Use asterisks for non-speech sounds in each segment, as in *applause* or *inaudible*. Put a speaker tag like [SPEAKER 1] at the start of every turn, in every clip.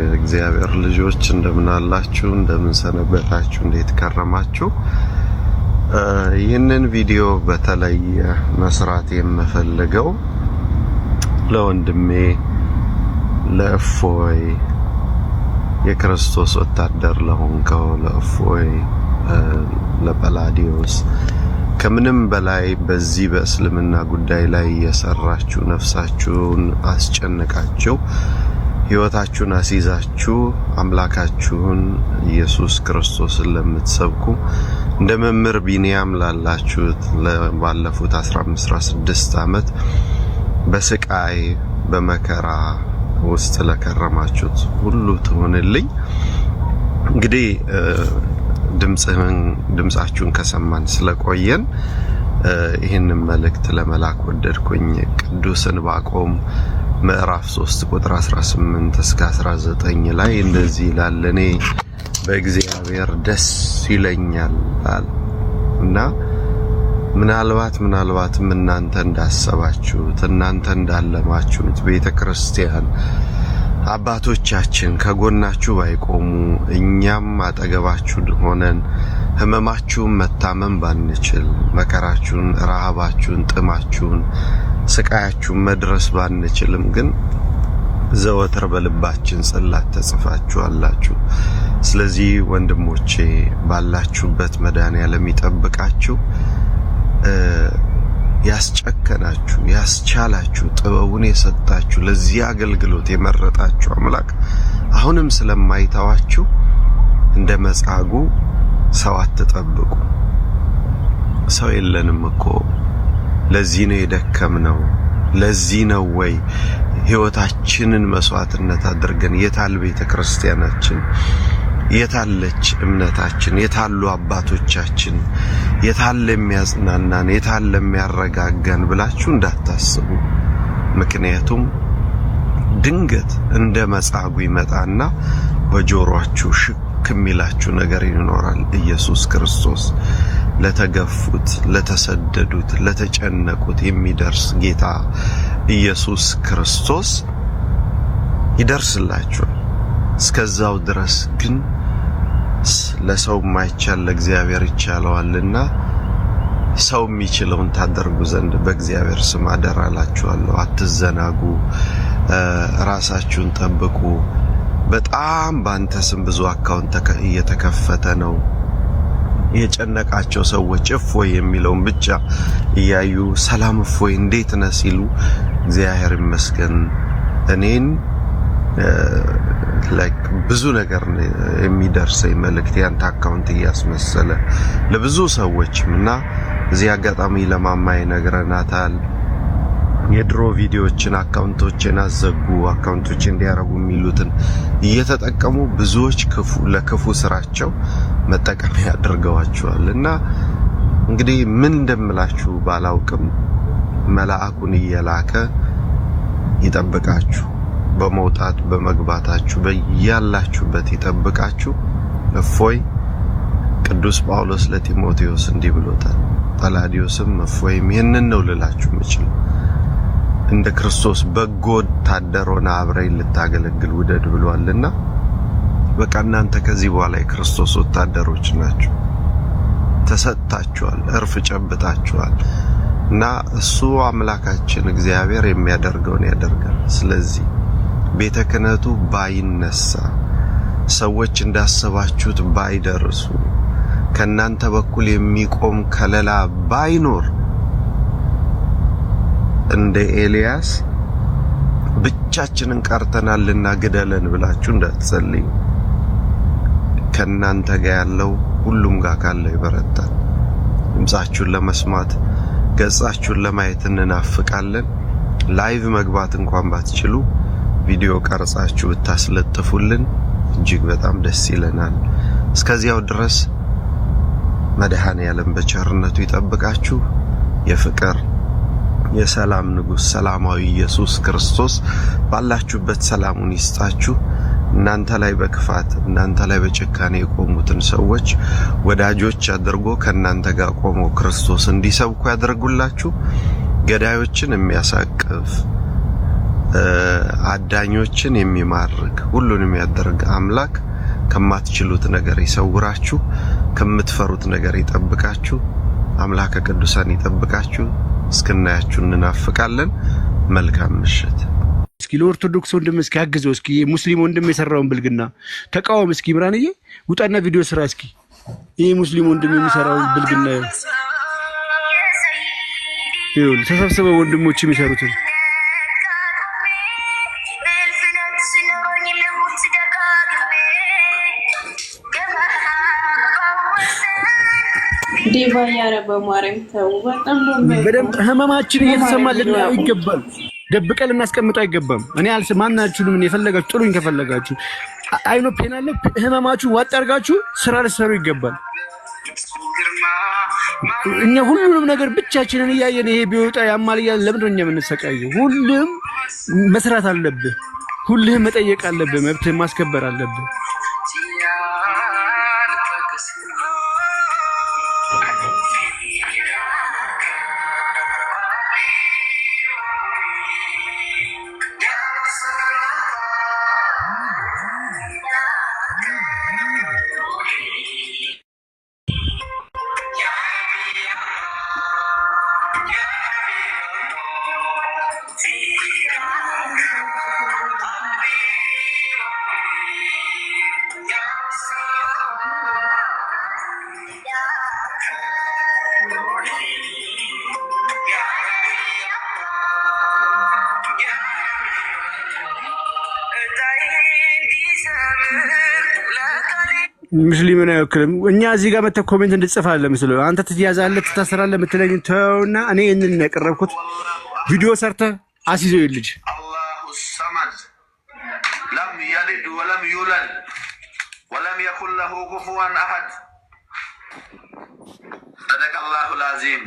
[SPEAKER 1] የእግዚአብሔር ልጆች እንደምን አላችሁ? እንደምን ሰነበታችሁ? እንዴት ከረማችሁ? ይህንን ቪዲዮ በተለይ መስራት የምፈልገው ለወንድሜ ለእፎይ የክርስቶስ ወታደር ለሆንከው ለእፎይ ለጳላዲዮስ ከምንም በላይ በዚህ በእስልምና ጉዳይ ላይ የሰራችሁ ነፍሳችሁን አስጨንቃችሁ ሕይወታችሁን አስይዛችሁ አምላካችሁን ኢየሱስ ክርስቶስን ለምትሰብኩ እንደ መምህር ቢንያም ላላችሁት ባለፉት 15-16 ዓመት በስቃይ በመከራ ውስጥ ለከረማችሁት ሁሉ ትሆንልኝ። እንግዲህ ድምፃችሁን ከሰማን ስለቆየን ይህንን መልእክት ለመላክ ወደድኩኝ። ቅዱስ ባቆም ምዕራፍ 3 ቁጥር 18 እስከ 19 ላይ እንደዚህ ይላል፣ እኔ በእግዚአብሔር ደስ ይለኛል እና ምናልባት ምናልባትም እናንተ እንዳሰባችሁት እናንተ እንዳለማችሁት ቤተ ክርስቲያን አባቶቻችን ከጎናችሁ ባይቆሙ እኛም አጠገባችሁ ሆነን ህመማችሁን መታመን ባንችል መከራችሁን፣ ረሃባችሁን፣ ጥማችሁን ስቃያችሁ መድረስ ባንችልም ግን ዘወትር በልባችን ጽላት ተጽፋችኋላችሁ። ስለዚህ ወንድሞቼ ባላችሁበት መድኃኔዓለም ይጠብቃችሁ። ያስጨከናችሁ ያስቻላችሁ ጥበቡን የሰጣችሁ ለዚህ አገልግሎት የመረጣችሁ አምላክ አሁንም ስለማይተዋችሁ እንደ መጻጉዕ ሰው አትጠብቁ። ሰው የለንም እኮ ለዚህ ነው የደከምነው። ለዚህ ነው ወይ ህይወታችንን መስዋዕትነት አድርገን የታል ቤተ ክርስቲያናችን? የታለች እምነታችን? የታሉ አባቶቻችን? የታለ የሚያጽናናን? የታለ የሚያረጋጋን ብላችሁ እንዳታስቡ። ምክንያቱም ድንገት እንደ መጻጉ ይመጣና በጆሮአችሁ ሽክ የሚላችሁ ነገር ይኖራል። ኢየሱስ ክርስቶስ ለተገፉት፣ ለተሰደዱት፣ ለተጨነቁት የሚደርስ ጌታ ኢየሱስ ክርስቶስ ይደርስላችኋል። እስከዛው ድረስ ግን ለሰው ማይቻል ለእግዚአብሔር ይቻለዋልና ሰው የሚችለውን ታደርጉ ዘንድ በእግዚአብሔር ስም አደራላችኋለሁ። አትዘናጉ፣ ራሳችሁን ጠብቁ። በጣም በአንተ ስም ብዙ አካውንት እየተከፈተ ነው። የጨነቃቸው ሰዎች እፎይ የሚለውን ብቻ እያዩ ሰላም እፎይ እንዴት ነህ ሲሉ እግዚአብሔር ይመስገን እኔን ላይክ ብዙ ነገር የሚደርሰኝ መልእክት ያንተ አካውንት እያስመሰለ ለብዙ ሰዎችም እና እዚህ አጋጣሚ ለማማ ይነግረናታል። የድሮ ቪዲዮዎችን አካውንቶችን አዘጉ አካውንቶች እንዲያረጉ የሚሉትን እየተጠቀሙ ብዙዎች ለክፉ ስራቸው መጠቀሚያ አድርገዋቸዋል። እና እንግዲህ ምን እንደምላችሁ ባላውቅም መልአኩን እየላከ ይጠብቃችሁ። በመውጣት በመግባታችሁ በያላችሁበት ይጠብቃችሁ። እፎይ ቅዱስ ጳውሎስ ለጢሞቴዎስ እንዲህ ብሎታል። ጠላዲዮስም እፎይም ይህንን ነው ልላችሁ ምችል እንደ ክርስቶስ በጎ ወታደር ሆነ አብረኝ ልታገለግል ውደድ ብሏልና በቃ እናንተ ከዚህ በኋላ የክርስቶስ ወታደሮች ናችሁ። ተሰጥታችኋል፣ እርፍ ጨብጣችኋል። እና እሱ አምላካችን እግዚአብሔር የሚያደርገውን ያደርጋል። ስለዚህ ቤተ ክህነቱ ባይነሳ፣ ሰዎች እንዳሰባችሁት ባይደርሱ፣ ከእናንተ በኩል የሚቆም ከለላ ባይኖር እንደ ኤልያስ ብቻችንን ቀርተናልና ግደለን ብላችሁ እንዳትጸልዩ። ከእናንተ ጋር ያለው ሁሉም ጋር ካለው ይበረታል። ድምጻችሁን ለመስማት ገጻችሁን ለማየት እንናፍቃለን። ላይቭ መግባት እንኳን ባትችሉ ቪዲዮ ቀርጻችሁ ብታስለጥፉልን እጅግ በጣም ደስ ይለናል። እስከዚያው ድረስ መድኃኔ ዓለም በቸርነቱ ይጠብቃችሁ። የፍቅር የሰላም ንጉስ ሰላማዊ ኢየሱስ ክርስቶስ ባላችሁበት ሰላሙን ይስጣችሁ። እናንተ ላይ በክፋት እናንተ ላይ በጭካኔ የቆሙትን ሰዎች ወዳጆች አድርጎ ከእናንተ ጋር ቆሞ ክርስቶስ እንዲሰብኩ ያደርጉላችሁ። ገዳዮችን የሚያሳቅፍ አዳኞችን የሚማርክ ሁሉንም የሚያደርግ አምላክ ከማትችሉት ነገር ይሰውራችሁ፣ ከምትፈሩት ነገር ይጠብቃችሁ። አምላከ ቅዱሳን ይጠብቃችሁ። እስክናያችሁ እንናፍቃለን። መልካም ምሽት።
[SPEAKER 2] እስኪ ለኦርቶዶክስ ወንድም እስኪ አግዘው፣ እስኪ ሙስሊም ወንድም የሰራውን ብልግና ተቃወም እስኪ። ምራንዬ ውጣና ቪዲዮ ስራ እስኪ። ይህ ሙስሊም ወንድም የሚሰራውን ብልግና ተሰብስበው ወንድሞች የሚሰሩትን በደምብ ህመማችን እየተሰማ ልናየው ይገባል። ደብቀ ልናስቀምጠው አይገባም። እኔ አልስ ማናችሁንም የፈለጋችሁ ጥሉኝ ከፈለጋችሁ አይኖ ፔን አለ ዋጥ አድርጋችሁ ስራ ልሰሩ ይገባል። እኛ ሁሉንም ነገር ብቻችንን እያየን ይሄ ቢወጣ ያማል ለምንድን ነው እኛ የምንሰቃየው? ሁሉም መስራት አለብህ። ሁልህም መጠየቅ አለብህ። መብትህን ማስከበር አለብህ። ሙስሊምን አይወክልም። እኛ እዚህ ጋር መተህ ኮሜንት እንድጽፋለህ ምስሉ አንተ ትያዛለህ፣ ትታሰራለህ የምትለኝ ተውና፣ እኔ ይህንን ነው ያቀረብኩት። ቪዲዮ ሰርተህ አስይዘው የልጅ ለም ወለም ዩለድ ወለም የኩን ለሁ አሐድ። ሰደቀ አላሁ ልዓዚም።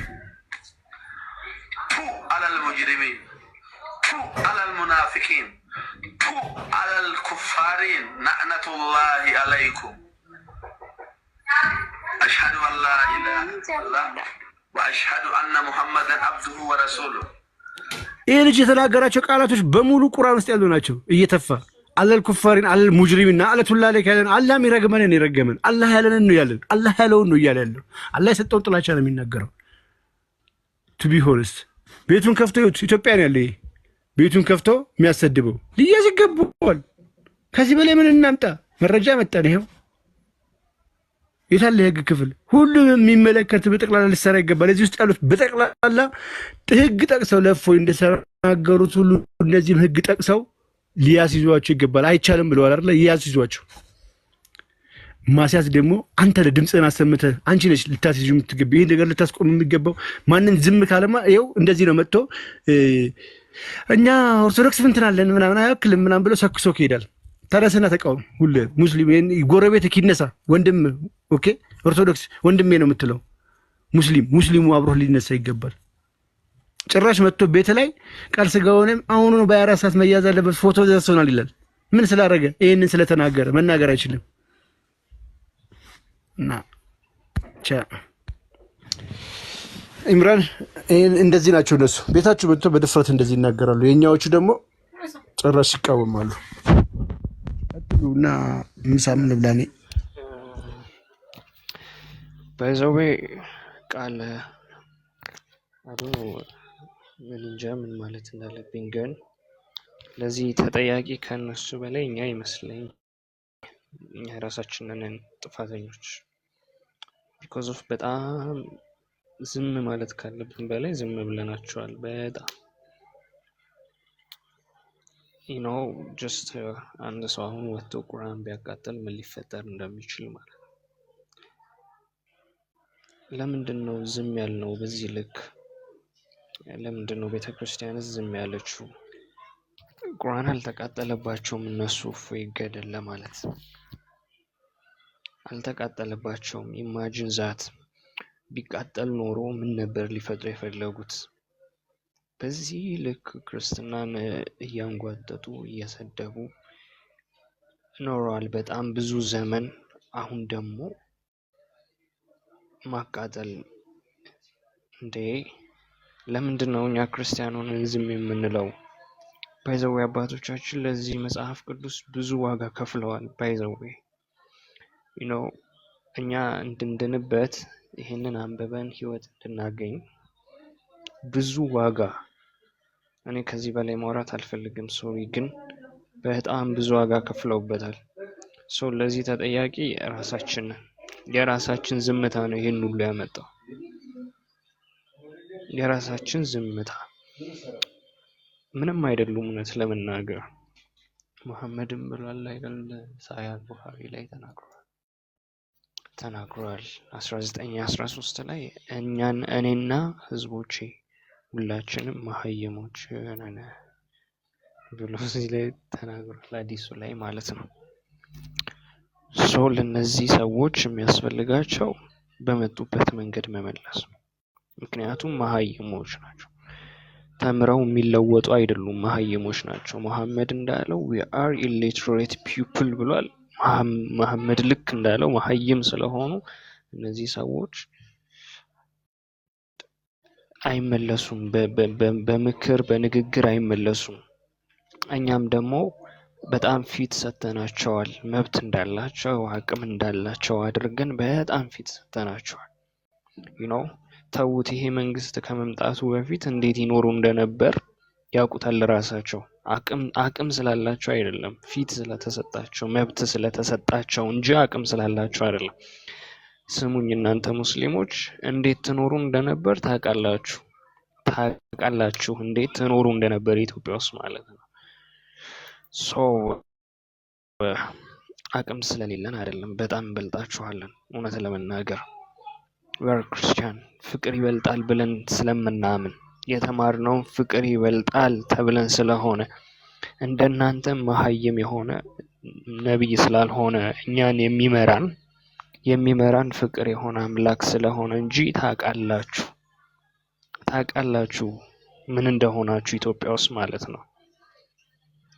[SPEAKER 2] ቱ አለል ሙጅሪሚን፣ ቱ አለል ሙናፊቂን፣ ቱ አለል ኩፋሪን። ነዕነቱላሂ አለይኩም ወአሽሀዱ አነ ሙሐመደን አብዱሁ ወረሱሉ ይህ ልጅ የተናገራቸው ቃላቶች በሙሉ ቁርአን ውስጥ ያሉ ናቸው። እየተፋ አለል ኩፋሪን አለል ሙጅሪሚና አለቱላ ላይክ ያለን አላህ የሚረግመንን የረገመን አላህ ያለን ነው ያለን አላህ ያለውን ነው እያለ ያለው አላህ የሰጠውን ጥላቻ ነው የሚናገረው። ቱቢ ሆንስ ቤቱን ከፍቶ ኢትዮጵያን ያለ ይሄ ቤቱን ከፍቶ የሚያሰድበው ሊያዝ ይገባዋል። ከዚህ በላይ ምን እናምጣ? መረጃ መጣን ይኸው የታለ የህግ ክፍል? ሁሉም የሚመለከት በጠቅላላ ሊሰራ ይገባል። እዚህ ውስጥ ያሉት በጠቅላላ ህግ ጠቅሰው ለእፎይ እንደተናገሩት ሁሉ እነዚህም ህግ ጠቅሰው ሊያስይዟቸው ይገባል። አይቻልም ብለዋል አይደለ? ሊያስይዟቸው ማስያዝ ደግሞ አንተ ድምፅህን አሰምተ አንቺ ነች ልታስይዙ የምትገባ ይህ ነገር ልታስቆም የሚገባው ማንን ዝም ካለማ ይኸው እንደዚህ ነው መጥቶ እኛ ኦርቶዶክስ ምንትናለን ምናምን አያክልም ምናምን ብለው ሰክሶክ ይሄዳል። ተነስና ተቃውም። ሁሉ ሙስሊም ጎረቤት ይነሳ ወንድም ኦኬ፣ ኦርቶዶክስ ወንድሜ ነው የምትለው ሙስሊም ሙስሊሙ አብሮህ ሊነሳ ይገባል። ጭራሽ መጥቶ ቤት ላይ ቃል ስጋ ሆነም አሁኑ በአራት ሰዓት መያዝ አለበት ፎቶ ደርሶናል ይላል። ምን ስላደረገ ይህንን ስለተናገረ መናገር አይችልም። እና ኢምራን እንደዚህ ናቸው እነሱ ቤታቸው መጥቶ በድፍረት እንደዚህ ይናገራሉ። የእኛዎቹ ደግሞ ጭራሽ ይቃወማሉ። ግቡና ምሳም ልብላኔ
[SPEAKER 3] በዘዌ ቃል አዶ ምን እንጃ ምን ማለት እንዳለብኝ ግን ለዚህ ተጠያቂ ከእነሱ በላይ እኛ ይመስለኝ የራሳችንን ጥፋተኞች ቢኮዝ ኦፍ በጣም ዝም ማለት ካለብን በላይ ዝም ብለናቸዋል በጣም ነው ጀስት uh, አንድ ሰው አሁን ወጥቶ ቁርአን ቢያቃጥል ምን ሊፈጠር እንደሚችል ማለት ነው። ለምንድን ነው ዝም ያልነው? በዚህ ልክ ለምንድን ነው ቤተ ክርስቲያንስ ዝም ያለችው? ቁርአን አልተቃጠለባቸውም እነሱ እፎይ ይገደል ለማለት አልተቃጠለባቸውም። ኢማጅን ዛት ቢቃጠል ኖሮ ምን ነበር ሊፈጥሩ የፈለጉት? በዚህ ልክ ክርስትናን እያንጓጠጡ እየሰደቡ ኖረዋል በጣም ብዙ ዘመን። አሁን ደግሞ ማቃጠል እንዴ! ለምንድን ነው እኛ ክርስቲያን ሆነን ዝም የምንለው? ባይዘዌ አባቶቻችን ለዚህ መጽሐፍ ቅዱስ ብዙ ዋጋ ከፍለዋል። ባይዘዌ ነው እኛ እንድንድንበት ይህንን አንብበን ህይወት እንድናገኝ ብዙ ዋጋ እኔ ከዚህ በላይ ማውራት አልፈልግም። ሶሪ ግን በጣም ብዙ ዋጋ ከፍለውበታል። ሰው ለዚህ ተጠያቂ ራሳችን የራሳችን ዝምታ ነው ይህን ሁሉ ያመጣው። የራሳችን ዝምታ ምንም አይደሉም። እውነት ለመናገር መሐመድም ብሏል አይደል? ሳያል ቡሃሪ ላይ ተናግሯል ተናግሯል 1913 ላይ እኛን እኔና ህዝቦቼ ሁላችንም መሀይሞች ነን ብሎ እዚህ ላይ ተናግሯል። አዲሱ ላይ ማለት ነው። ሶ ለእነዚህ ሰዎች የሚያስፈልጋቸው በመጡበት መንገድ መመለስ ነው። ምክንያቱም መሀይሞች ናቸው። ተምረው የሚለወጡ አይደሉም። መሀይሞች ናቸው። መሐመድ እንዳለው ዊአር ኢሌትሬት ፒፕል ብሏል። መሐመድ ልክ እንዳለው መሀይም ስለሆኑ እነዚህ ሰዎች አይመለሱም። በምክር በንግግር አይመለሱም። እኛም ደግሞ በጣም ፊት ሰተናቸዋል። መብት እንዳላቸው አቅም እንዳላቸው አድርገን በጣም ፊት ሰተናቸዋል። ዩኖ ተዉት። ይሄ መንግስት ከመምጣቱ በፊት እንዴት ይኖሩ እንደነበር ያውቁታል ራሳቸው። አቅም ስላላቸው አይደለም፣ ፊት ስለተሰጣቸው መብት ስለተሰጣቸው እንጂ አቅም ስላላቸው አይደለም። ስሙኝ እናንተ ሙስሊሞች እንዴት ትኖሩ እንደነበር ታውቃላችሁ ታውቃላችሁ እንዴት ትኖሩ እንደነበር ኢትዮጵያ ውስጥ ማለት ነው። ሶ አቅም ስለሌለን አይደለም፣ በጣም እንበልጣችኋለን። እውነት ለመናገር ወር ክርስቲያን ፍቅር ይበልጣል ብለን ስለምናምን የተማርነውን ፍቅር ይበልጣል ተብለን ስለሆነ እንደናንተ መሀይም የሆነ ነቢይ ስላልሆነ እኛን የሚመራን የሚመራን ፍቅር የሆነ አምላክ ስለሆነ እንጂ ታውቃላችሁ ታውቃላችሁ ምን እንደሆናችሁ ኢትዮጵያ ውስጥ ማለት ነው።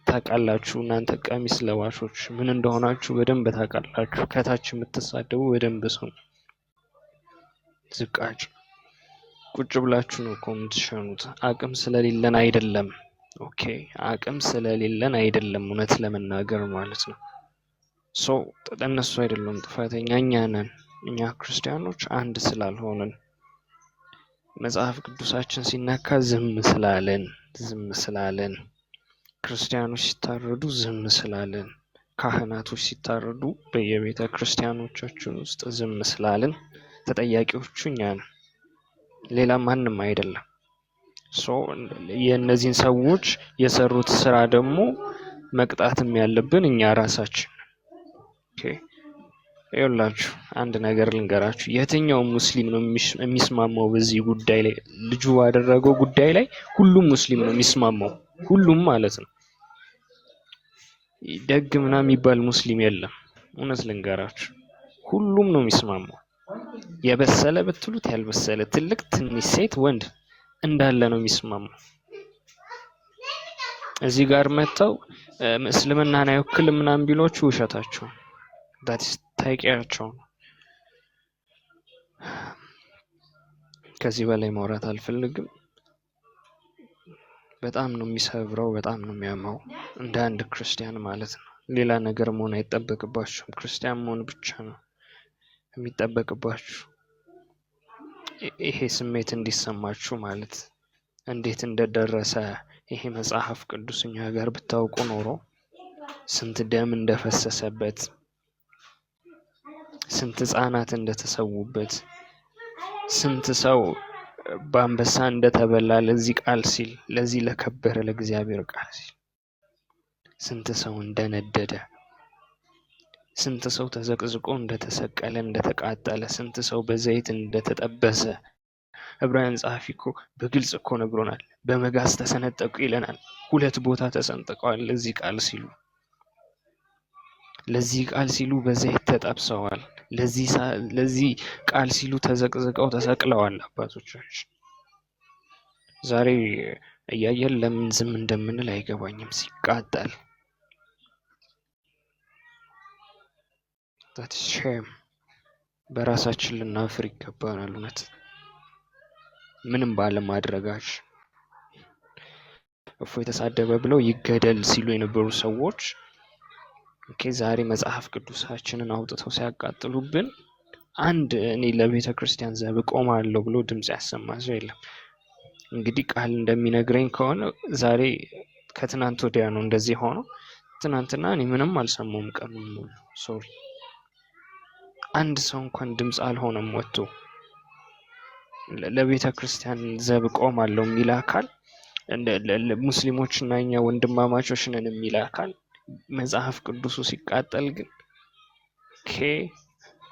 [SPEAKER 3] ታውቃላችሁ እናንተ ቀሚስ ለዋሾች ምን እንደሆናችሁ በደንብ ታውቃላችሁ። ከታች የምትሳደቡ በደንብ ስሙ። ዝቃጭ ቁጭ ብላችሁ ነው እኮ የምትሸኑት። አቅም ስለሌለን አይደለም። ኦኬ አቅም ስለሌለን አይደለም፣ እውነት ለመናገር ማለት ነው። ሰው እነሱ አይደሉም ጥፋተኛ እኛ ነን። እኛ ክርስቲያኖች አንድ ስላልሆንን መጽሐፍ ቅዱሳችን ሲነካ ዝም ስላለን ዝም ስላለን ክርስቲያኖች ሲታረዱ ዝም ስላለን ካህናቶች ሲታረዱ በየቤተ ክርስቲያኖቻችን ውስጥ ዝም ስላለን ተጠያቂዎቹ እኛ ነን፣ ሌላ ማንም አይደለም። የእነዚህን ሰዎች የሰሩት ስራ ደግሞ መቅጣትም ያለብን እኛ ራሳችን ይኸውላችሁ አንድ ነገር ልንገራችሁ። የትኛው ሙስሊም ነው የሚስማማው በዚህ ጉዳይ ላይ ልጁ ባደረገው ጉዳይ ላይ ሁሉም ሙስሊም ነው የሚስማማው፣ ሁሉም ማለት ነው። ደግ ምና የሚባል ሙስሊም የለም። እውነት ልንገራችሁ፣ ሁሉም ነው የሚስማማው። የበሰለ ብትሉት ያልበሰለ፣ ትልቅ ትንሽ፣ ሴት ወንድ እንዳለ ነው የሚስማማው። እዚህ ጋር መጥተው እስልምናን አይወክልም ምናምን ቢሎቹ ውሸታቸው that is take ኤርትሮን ከዚህ በላይ ማውራት አልፈልግም። በጣም ነው የሚሰብረው፣ በጣም ነው የሚያማው እንደ አንድ ክርስቲያን ማለት ነው። ሌላ ነገር መሆን አይጠበቅባችሁም። ክርስቲያን መሆን ብቻ ነው የሚጠበቅባችሁ። ይሄ ስሜት እንዲሰማችሁ ማለት እንዴት እንደደረሰ ይሄ መጽሐፍ ቅዱስ እኛ ጋር ብታውቁ ኖሮ ስንት ደም እንደፈሰሰበት ስንት ህጻናት እንደተሰዉበት ስንት ሰው በአንበሳ እንደተበላ ለዚህ ቃል ሲል ለዚህ ለከበረ ለእግዚአብሔር ቃል ሲል ስንት ሰው እንደነደደ ስንት ሰው ተዘቅዝቆ እንደተሰቀለ እንደተቃጠለ ስንት ሰው በዘይት እንደተጠበሰ ዕብራውያን ጸሐፊ እኮ በግልጽ እኮ ነግሮናል። በመጋዝ ተሰነጠቁ ይለናል። ሁለት ቦታ ተሰንጥቀዋል ለዚህ ቃል ሲሉ ለዚህ ቃል ሲሉ በዘይት ተጠብሰዋል። ለዚህ ቃል ሲሉ ተዘቅዝቀው ተሰቅለዋል አባቶቻችን። ዛሬ እያየን ለምን ዝም እንደምንል አይገባኝም። ሲቃጠል ሼም በራሳችን ልናፍር ይገባናል። እውነት ምንም ባለማድረጋች እፎ የተሳደበ ብለው ይገደል ሲሉ የነበሩ ሰዎች ኦኬ ዛሬ መጽሐፍ ቅዱሳችንን አውጥተው ሲያቃጥሉብን አንድ እኔ ለቤተ ክርስቲያን ዘብ ቆማለሁ ብሎ ድምፅ ያሰማ ሰው የለም። እንግዲህ ቃል እንደሚነግረኝ ከሆነ ዛሬ ከትናንት ወዲያ ነው እንደዚህ ሆኖ፣ ትናንትና እኔ ምንም አልሰማውም። ቀኑን ሙሉ ሶሪ፣ አንድ ሰው እንኳን ድምፅ አልሆነም ወጥቶ ለቤተ ክርስቲያን ዘብ ቆማለሁ የሚል አካል ሙስሊሞችና እኛ ወንድማማቾች ነን የሚል አካል መጽሐፍ ቅዱሱ ሲቃጠል ግን ኬ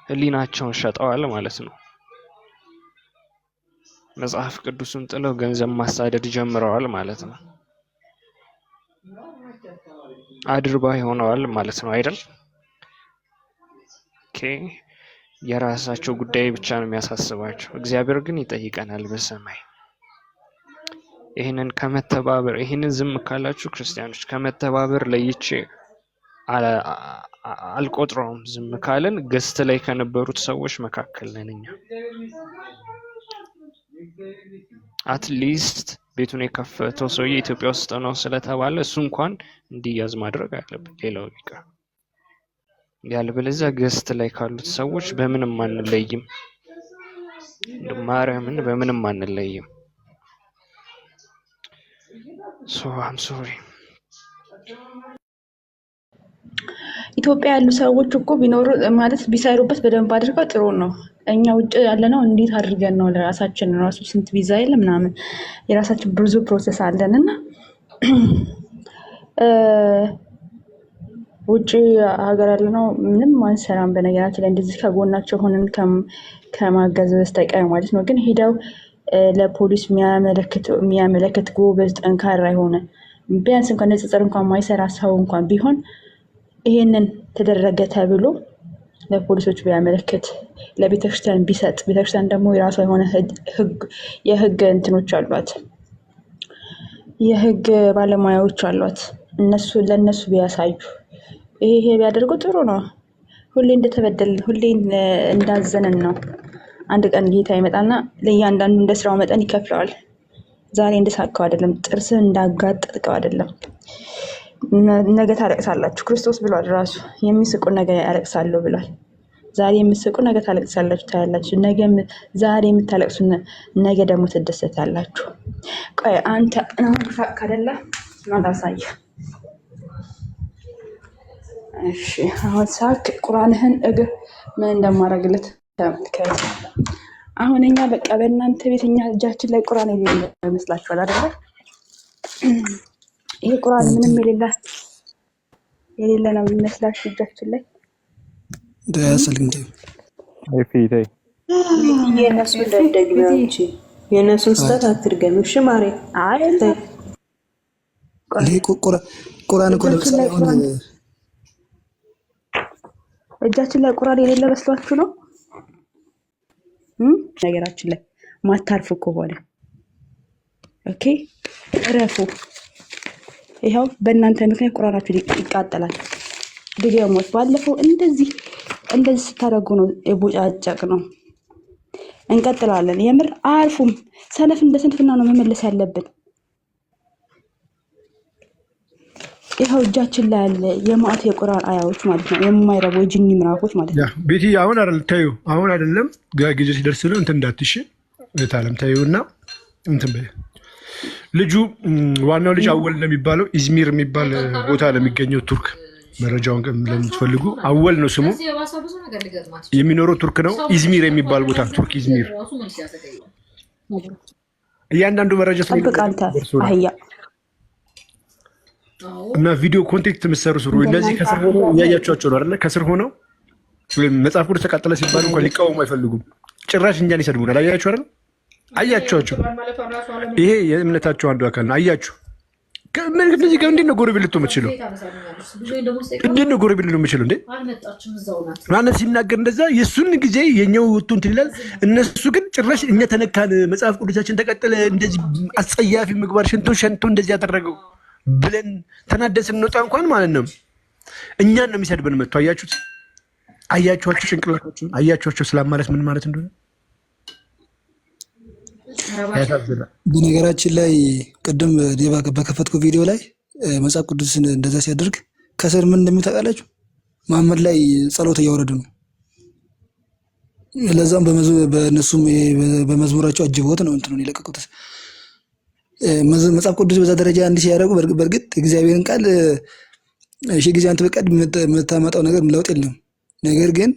[SPEAKER 3] ህሊናቸውን ሸጠዋል ማለት ነው። መጽሐፍ ቅዱሱን ጥለው ገንዘብ ማሳደድ ጀምረዋል ማለት ነው። አድርባይ ሆነዋል ማለት ነው አይደል? ኬ የራሳቸው ጉዳይ ብቻ ነው የሚያሳስባቸው። እግዚአብሔር ግን ይጠይቀናል በሰማይ። ይህንን ከመተባበር ይህንን ዝም ካላችሁ ክርስቲያኖች ከመተባበር ለይቼ አልቆጥረውም። ዝም ካለን ገስት ላይ ከነበሩት ሰዎች መካከል ነን እኛ። አትሊስት ቤቱን የከፈተው ሰውዬ ኢትዮጵያ ውስጥ ነው ስለተባለ እሱ እንኳን እንዲያዝ ማድረግ አለብን። ሌላው ቢቀር ያለበለዚያ ገስት ላይ ካሉት ሰዎች በምንም አንለይም። ማርያምን በምንም አንለይም። ሶ አም ሶሪ።
[SPEAKER 4] ኢትዮጵያ ያሉ ሰዎች እኮ ቢኖሩ ማለት ቢሰሩበት በደንብ አድርገው ጥሩ ነው። እኛ ውጭ ያለነው እንዴት አድርገን ነው ለራሳችን ራሱ ስንት ቪዛ የለ ምናምን የራሳችን ብዙ ፕሮሰስ አለን እና *clears throat* ውጭ ሀገር ያለነው ምንም አንሰራም። በነገራችን ላይ እንደዚህ ከጎናቸው ሆነን ከማገዝ በስተቀር ማለት ነው ግን ሄደው ለፖሊስ የሚያመለክት ጎበዝ፣ ጠንካራ የሆነ ቢያንስ እንኳን ንጽጽር እንኳን ማይሰራ ሰው እንኳን ቢሆን ይሄንን ተደረገ ተብሎ ለፖሊሶች ቢያመለክት ለቤተክርስቲያን ቢሰጥ፣ ቤተክርስቲያን ደግሞ የራሷ የሆነ የህግ እንትኖች አሏት፣ የህግ ባለሙያዎች አሏት። እነሱ ለእነሱ ቢያሳዩ ይሄ ይሄ ቢያደርጉ ጥሩ ነው። ሁሌ እንደተበደልን ሁሌ እንዳዘንን ነው አንድ ቀን ጌታ ይመጣና ለእያንዳንዱ እንደ ስራው መጠን ይከፍለዋል። ዛሬ እንደሳቀው አይደለም፣ ጥርስን እንዳጋጠጥቀው አይደለም። ነገ ታለቅሳላችሁ። ክርስቶስ ብሏል ራሱ የሚስቁ ነገ ያለቅሳለሁ ብሏል። ዛሬ የምትስቁ ነገ ታለቅሳላችሁ፣ ታያላችሁ። ነገ ዛሬ የምታለቅሱ ነገ ደግሞ ትደሰታላችሁ። ቆይ አንተ አሁን ሳቅ ማላሳየ እሺ፣ አሁን ሳቅ ቁርአንህን እግር ምን እንደማደርግለት አሁን እኛ በቃ በእናንተ ቤት እኛ እጃችን ላይ ቁራን የሌለ ይመስላችኋል አይደለ? ይሄ ቁራን ምንም የሌላ የሌለ ነው የሚመስላችሁ እጃችን ላይ
[SPEAKER 5] ደስል እንዴ አይፊታይ
[SPEAKER 6] የነሱ ደደግሚያንቺ የነሱን ስህተት አትድገሚ። እሺ ማሬ አይ
[SPEAKER 5] ቁራን እኮ ለምሳሌ
[SPEAKER 4] እጃችን ላይ ቁራን የሌለ መስሏችሁ ነው ነገራችን ላይ ማታርፉ ከሆነ ኦኬ እረፉ። ይኸው በእናንተ ምክንያት ቁራናችሁ ይቃጠላል። ድገሞት ባለፈው እንደዚህ እንደዚህ ስታደርጉ ነው የቦጫጨቅ ነው። እንቀጥላለን። የምር አያርፉም። ሰነፍ እንደ ስንፍና ነው መመለስ ያለብን። ይኸው እጃችን ላይ ያለ የማዕት የቁርአን አያዎች ማለት ነው። የማይረቡ የጅኒ ምራኮች ማለት ነው።
[SPEAKER 5] ቤቲ አሁን አይደል ተይው፣ አሁን አይደለም ጊዜ ሲደርስ ነው እንትን እንዳትሽ ታለም ተይው እና እንትን በይ። ልጁ ዋናው ልጅ አወል ነው የሚባለው ኢዝሚር የሚባል ቦታ ለሚገኘው ቱርክ መረጃውን ለምትፈልጉ አወል ነው ስሙ። የሚኖረው ቱርክ ነው። ኢዝሚር የሚባል ቦታ ቱርክ ኢዝሚር። እያንዳንዱ መረጃ እና ቪዲዮ ኮንቴንት የምትሰሩ ስሩ። እነዚህ ከስር ሆነው እያያቸዋቸው ነው አይደለ? ከስር ሆነው መጽሐፍ ቅዱስ ተቃጠለ ሲባሉ እንኳን ሊቃወሙ አይፈልጉም። ጭራሽ እኛን ይሰድቡናል። አያችሁ አይደል? አያቸዋቸው። ይሄ የእምነታቸው አንዱ አካል ነው። አያችሁ እነዚህ ጋር እንዴት ነው ጎረቤት ልትሆን የምትችለው? እንዴት ነው ጎረቤት ልትሆን የምትችለው? እንዴ ማለት ሲናገር እንደዛ የእሱን ጊዜ የኛው ወጥቶ እንትን ይላል። እነሱ ግን ጭራሽ እኛ ተነካን፣ መጽሐፍ ቅዱሳችን ተቀጠለ፣ እንደዚህ አጸያፊ ምግባር ሸንቶ ሸንቶ እንደዚህ ያደረገው ብለን ተናደስ ስንወጣ እንኳን ማለት ነው እኛን ነው የሚሰድብን መጥቶ። አያችሁት? አያችኋቸው? ጭንቅላታችሁን አያችኋቸው? ሰላም ማለት ምን ማለት እንደሆነ በነገራችን ላይ ቅድም በከፈትኩ ቪዲዮ ላይ መጽሐፍ ቅዱስን እንደዛ ሲያደርግ ከስር ምን እንደሚል ማመድ መሐመድ ላይ ጸሎት እያወረዱ ነው። ለዛም በነሱም በመዝሙራቸው አጅቦት ነው እንትኑን የለቀቁት። መጽሐፍ ቅዱስ በዛ ደረጃ እንዲህ ሲያደርጉ በእርግጥ እግዚአብሔርን ቃል ሺ ጊዜ አንተ በቀድ የምታመጣው ነገር ለውጥ የለም። ነገር ግን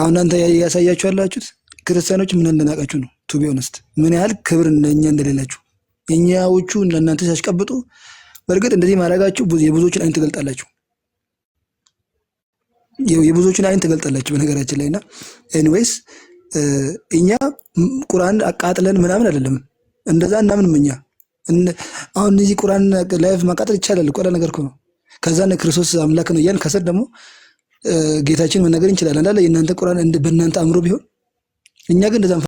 [SPEAKER 5] አሁን እናንተ ያሳያችሁ ያላችሁት ክርስቲያኖች ምን እንደናቃችሁ ነው። ቱ ቢሆንስት ምን ያህል ክብር ለእኛ እንደሌላችሁ እኛዎቹ ለእናንተ ሲያስቀብጡ፣ በእርግጥ እንደዚህ ማድረጋችሁ የብዙዎችን አይን ትገልጣላችሁ። የብዙዎችን አይን ትገልጣላችሁ በነገራችን ላይ እና ኤኒዌይስ እኛ ቁርአን አቃጥለን ምናምን አይደለም እንደዛ እናምንም እኛ አሁን እዚህ ቁርአን ላይፍ ማቃጠል ይቻላል ቆዳ ነገር እኮ ነው። ከዛ ክርስቶስ አምላክ ነው እያልን ከስር ደግሞ ጌታችን መናገር እንችላለን። አላ የእናንተ ቁርአን በእናንተ አእምሮ ቢሆን እኛ ግን እንደዛ